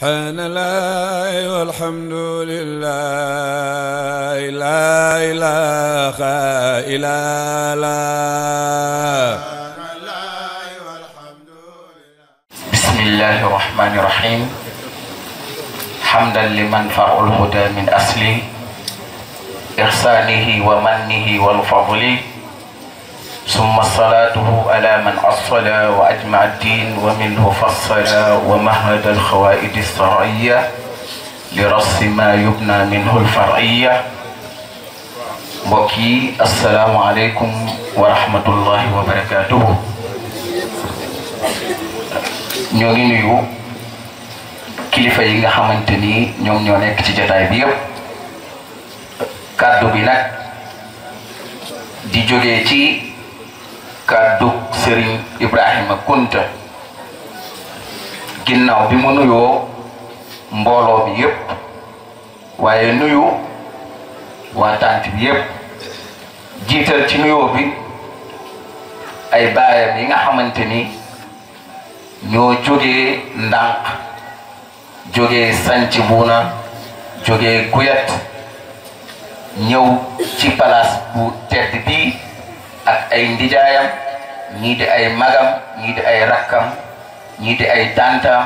سبحان الله والحمد لله لا إله إلا الله بسم الله الرحمن الرحيم حمدا لمن فرع الهدى من أصله إحسانه ومنه والفضل ثم صلاته على من أصل وأجمع الدين ومنه فصل ومهد الخوائد الصرعية لرص ما يبنى منه الفرعية وكي السلام عليكم ورحمة الله وبركاته ñoo ngi nuyu kilifa yi nga xamante ni ñoom ñoo nekk ci jataay bi yëpp kàddu kàddu Serigne Ibrahima Kunta ginnaaw bi mu nuyoo mbooloo bi yépp waaye nuyu waa tànt bi yépp jiital ci nuyoo bi ay baayam yi nga xamante ni ñoo jógee ndànk jógee sanc buuna jógee guyat ñëw ci palaas bu tedd bii ay ndijaayam ñii di ay magam ñii di ay rakkam ñii di ay tantam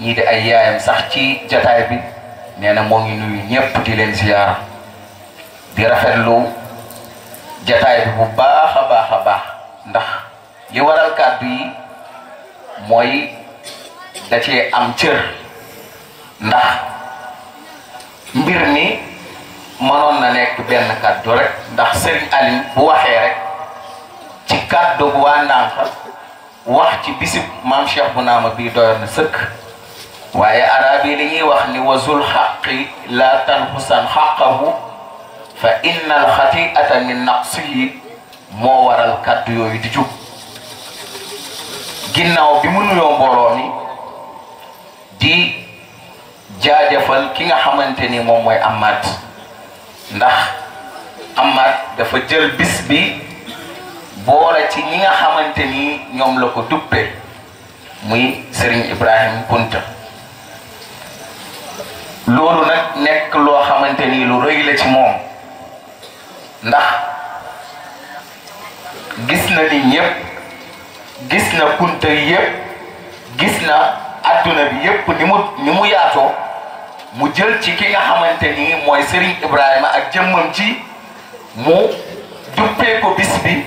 ñii de ay yaayam sax ci jataay bi nee na moo ngi nuyu ñëpp di leen ziyaara di rafetlu jataay bi bu baax a baax a baax ndax li waral kàddu yi mooy da cee am cër ndax mbir mi mënoon na nekk benn kàddu rek ndax sëriñ Aliou bu waxee rek ci kàddu gu waa ndànk wax ci bisib maam Cheikh bu naama bii doyoon na sëkk waaye arab li ñuy wax ni wasul xaqi laa tanxusan xaqahu fa inna al xatiata min naqsihi moo waral kàddu yooyu di jub ginnaaw bi mu nuyoo di jaajëfal ki nga xamante ni moom mooy amaat ndax Amar dafa jël bis bi boole ci ñi nga xamante ni ñoom la ko duppee muy Serigne Ibrahim Kunta loolu nag nekk loo xamante ni lu rëy la ci moom ndax gis na ni ñëpp gis na Kunta yëpp gis na adduna bi yëpp ni mu ni mu yaatoo mu jël ci ki nga xamante ni mooy Serigne Ibrahima ak jëmmam ci mu duppee ko bis bi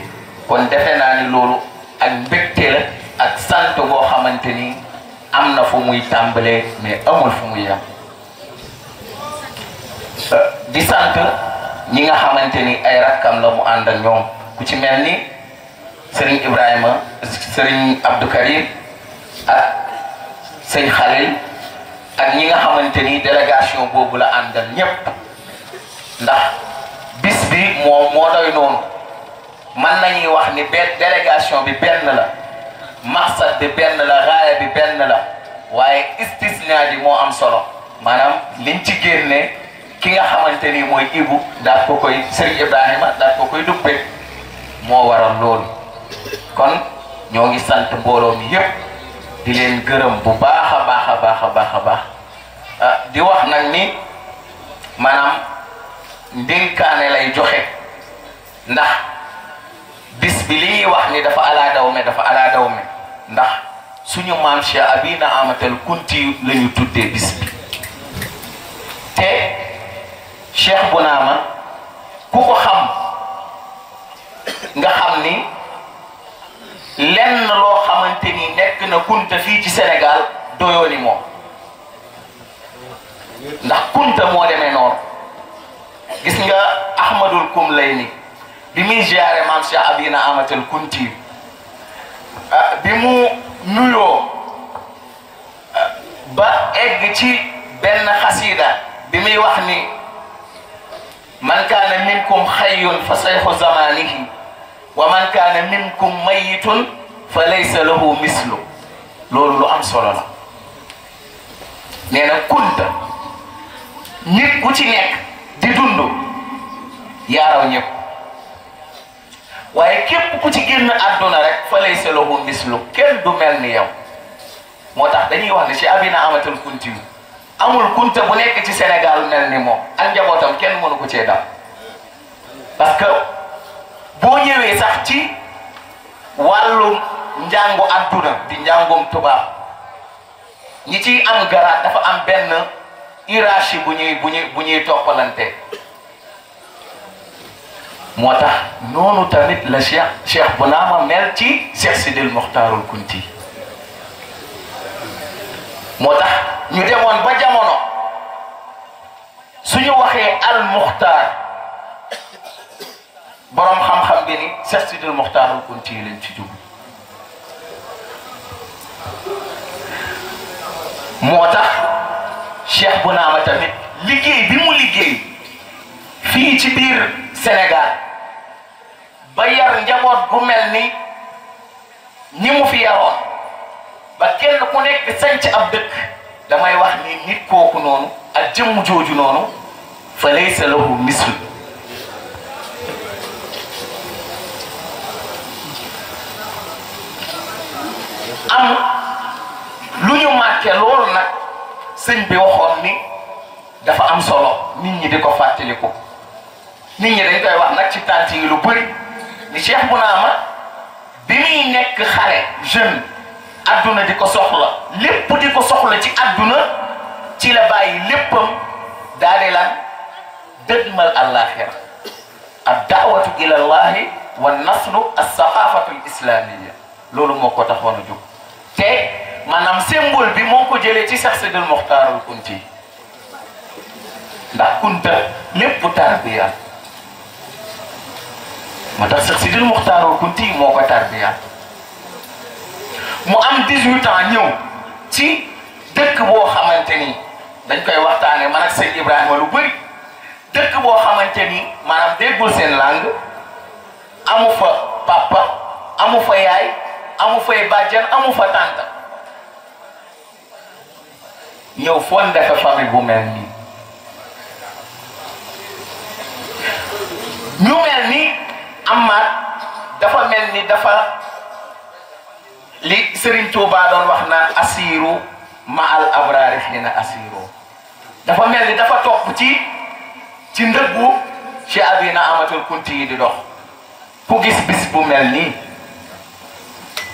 kon defe naa ni loolu ak mbégte ak sant goo xamante ni am na fu muy tàmbalee mais amul fu muy yam euh, di sant ñi nga xamante ni ay rakkam la mu ànd ak ñoom ku ci mel ni Serigne Ibrahima Serigne Abdou Karim ak sëñ ak ñi nga xamante ni délégation boobu la àndal ñépp ndax bis bi moo moo doy noonu man nañuy wax ni benn délégation bi benn la maqsad bi benn la raaya bi benn la waaye istisna bi moo am solo maanaam liñ ci génne ki nga xamante ni mooy ibu daal ko koy Serigne Ibrahima daal ko koy duppe moo waral loolu kon ñoo ngi sant mbooloo mi yépp di leen bu baax a baax ni maanaam ndénkaane lay joxe ndax bis bi li ñuy wax ni dafa alaa daw me dafa alaa ndax suñu maam Cheikh Abina Amatal Kunti la ñu tuddee bis bi te Cheikh Bounama ku ko xam nga xam ni lenn loo xamante ni nekk na kunta fii ci Sénégal doyooni moom ndax kunta moo demee noonu gis nga ahmadul kum lay ni bi muy ziyaare maam Cheikh Abina Amatal kunti ah, bi mu nuyoo ah, ba egg ci benn xasida bi muy wax ni man kaana minkum xayyun fa sayxu zamanihi wa man kaana minkum mayitun fa laysa lahu mislu loolu lu am solo la nee nit ku ci nekk di dund yaaraw ñëpp waaye képp ku ci génn àdduna rek fa lay selohu mislu kenn du mel ni yow moo tax dañuy wax ne ci abina amatul kunti yu amul kunta bu nekk ci Sénégal mel ni moom ak njabootam kenn mënu ko cee dam parce que boo ñëwee sax ci wàllu njàngu àdduna di njàngum tubaab ñi ciy am garaat dafa am benn hiérarchie bu ñuy bu ñuy bu ñuy toppalante moo tax noonu tamit la cheikh cheikh Bounama mel ci cheikh sidil muxtaarul kunti moo tax ñu demoon ba su ñu waxee al muxtaar borom xam-xam bi ni cheikh sidil muxtaarul kunti yi lañ ci jublu moo tax Cheikh Bounama tamit liggéey bi mu liggéey fii ci biir Sénégal ba yar njaboot bu mel ni ñi mu fi yaroon ba kenn ku nekk sanc ab dëkk damay wax ni nit kooku noonu ak jëmm jooju noonu fa laysa lahu mislu am lu ñu màkke loolu sëñ bi waxoon ni dafa am solo nit ñi di ko fàttaliku nit ñi dañ koy wax nag ci tànt yi lu bëri ni Cheikh Bounama bi muy nekk xale jeune adduna di ko soxla lépp di ko soxla ci adduna ci la bàyyi léppam daa di lan dëgmal àllaaxira ad daawatu ila llahi wa naslu as saqafatu al islamia loolu moo ko taxoon a jóg maanaam symbole bi moo ko jëlee ci Seex Sidil Moxtaarul Kunti ndax kunta lépp tarbiya moo tax Seex Sidil Kunti moo ko tarbiya mu am 18 ans ñëw ci dëkk boo xamante ni dañ koy waxtaane man ak sëñ Ibrahima lu bëri dëkk boo xamante ni maanaam déggul seen làng amu fa papa amu fa yaay amu fay bàjjan amu fa tànta yow foo nekk famille bu mel nii ñu mel ni Amath dafa mel ni dafa li Serigne Touba doon wax naan asiru ma al abraari xiina asiru dafa mel ni dafa topp ci ci ndëggu ci abina amatul kunti yi di dox ku gis bis mel ni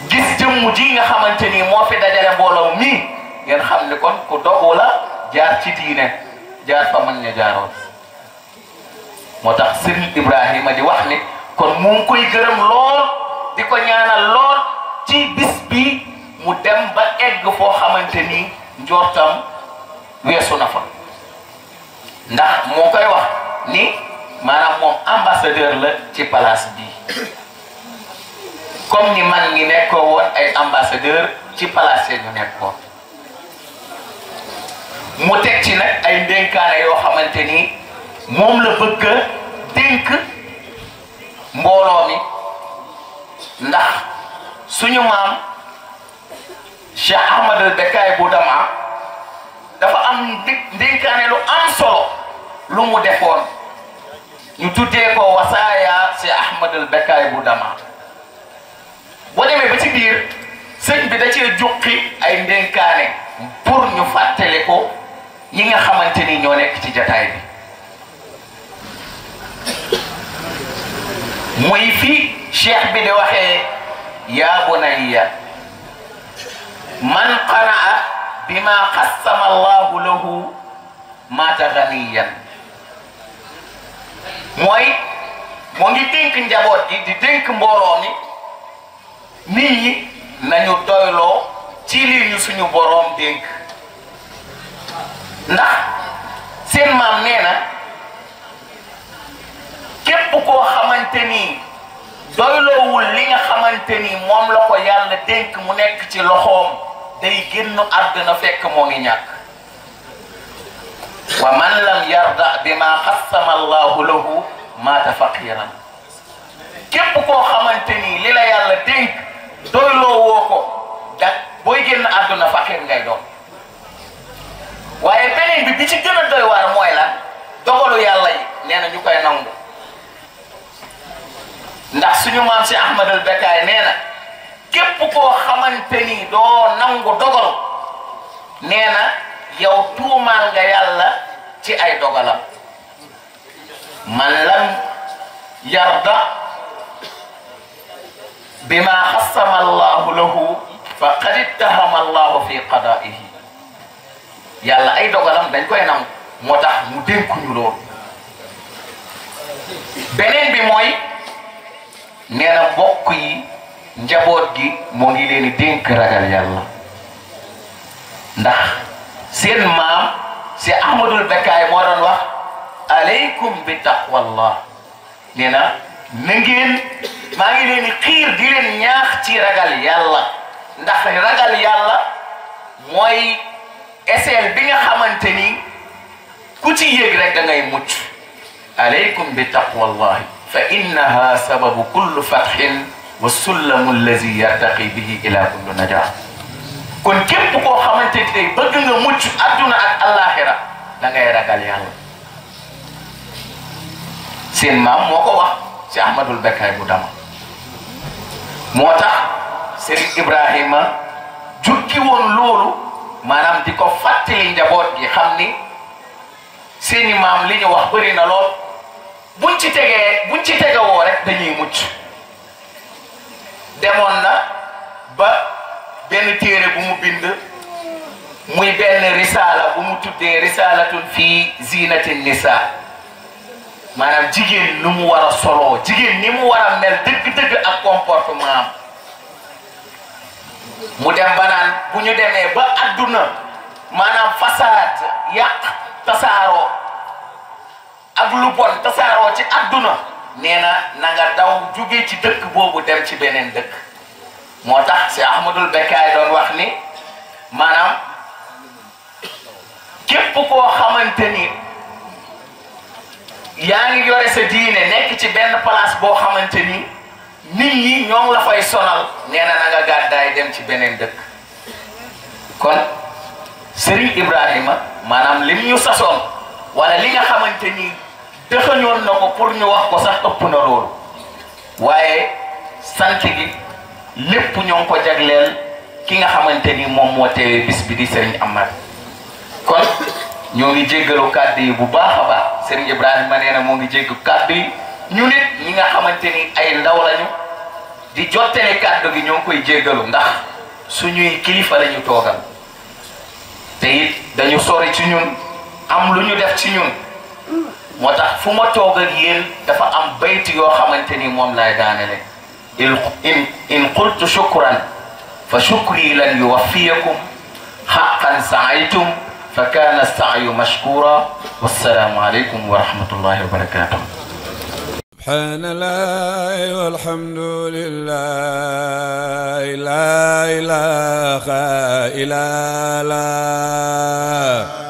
gis jëmm ji nga xamante ni moo fi dajale mbooloo mi ngeen xam ni kon ku dogu la jaar ci diine jaar fa mag ña jaaroon moo tax Sëriñ Ibrahima di wax ni kon mu ngi koy gërëm lool di ko ñaanal lool ci bis bi mu dem ba egg foo xamante ni njortam weesu na fa ndax moo koy wax ni maanaam moom ambassadeur la ci palaas bi comme ni man ngi nekkoo woon ay ambassadeur ci palaas yi ñu nekkoon mu teg ci nag ay ndénkaane yoo xamante ni moom la bëgg a dénk mbooloo mi ndax suñu maam Cheikh Ahmad al bu dama dafa am ndénkaane lu am solo lu mu defoon ñu tuddee ko wasaaya Cheikh Ahmad al Bekkaay bu dama boo demee ba ci biir sëñ bi da cee juqi ay ndénkaane yi nga xamanteni ni ñoo nekk ci jataay bi muy fi cheikh bi di waxee ya bunayya man qanaa bima qassama allahu lahu mata ganiyan mooy mo ngi dénk njaboot gi di dénk mbooloo mi nit ñi nañu doyloo ci li ñu suñu borom dénk ndax seen maam nee na képp koo xamante ni doyloowul li nga xamante ni moom la ko yàlla dénk mu nekk ci loxoom day génn àdduna fekk moo ngi ñàkk wa man lam yarda bi ma xassama allahu lahu maata faqiran képp koo xamante ni li la yàlla dénk doyloo ko da booy génn àdduna faqir ngay doon waye beneen bi bi ci gëna doy war moy la dogolu yalla yi neena na ñu koy nangu ndax suñu maam ci Ahmadul Bekaay nee na képp koo Malam ni nangu dogalu neena yow tuumaal nga yalla ci ay dogalam man lam yarda bima xasama allah lahu faqad ittahama allahu fi qadaihi yàlla ay dogalam dañ koy nangu moo tax mu dénkuñu loolu beneen bi mooy nee na mbokk yi njaboot gi moo ngi leen di dénk ragal yàlla ndax seen maam si ahmadul bekkaay moo doon wax aleykum bi taqwallah nee na na maa ngi leen xiir di leen ñaax ci ragal yàlla ndax ragal yàlla mooy échelle bi xamante ni ku ci yéeg rek da ngay mucc alaykum bi taqwallahi fa innaha sababu kullu fatxin wa sullamu allazi yartaqi bihi ila kullu najaa kon képp koo xamante ni tey bëgg nga mucc adduna ak allaxira da ngay ragal yàlla seen maam moo ko wax si ahmadul bekkaay bu dama moo tax sëriñ ibrahima jukki woon loolu maanaam di ko fàttali njaboot gi xam ni seeni maam li ñu wax bëri na lool buñ ci tegee buñ ci tegewoo rek dañuy mucc demoon na ba benn téere bu mu bind muy benn risaala bu mu tuddee risaalatun fii zinatin nisa maanaam jigéen lu mu war a soloo jigéen ni mu war a mel dëgg-dëgg ak comportement bu ñu demee ba adduna maanaam fasaad yàq tasaaroo ak lu bon tasaaroo ci adduna nee na na nga daw jugee ci dëkk boobu dem ci beneen dëkk moo tax si Ahmadul Bekkaay doon wax ni maanaam képp koo xamante ni yaa ngi yore sa diine nekk ci benn place boo xamante ni nit ñi ñoom la sonal nee na na nga gàddaay dem ci beneen dëkk kon seri ibrahim manam lim ñu sasom wala li nga xamanteni ni defañoon na pour ñu wax ko sax ëpp na loolu waaye sant gi lepp ñong ko jaglel ki nga xamanteni mom mo moo bis bi di Serigne amad kon ñoo ngi jéggalu kaddu yi bu baaxa baax Serigne ibrahim nee na ngi jéggu kaddu yi ñu nit ñi nga xamanteni ay ndaw lañu di jottale kaddu gi ñong koy jéggalu ndax suñuy kilifa lañu togal te it dañu sori ci ñun am lu ñu def ci ñun moo tax toog ak yéen dafa am bayti yoo xamante ni moom daanele in in qultu shukran fa shukri lan yuwaffiyakum حقا سعيتم فكان السعي مشكورا والسلام عليكم ورحمه الله وبركاته سبحان الله والحمد لله لا إله إلا الله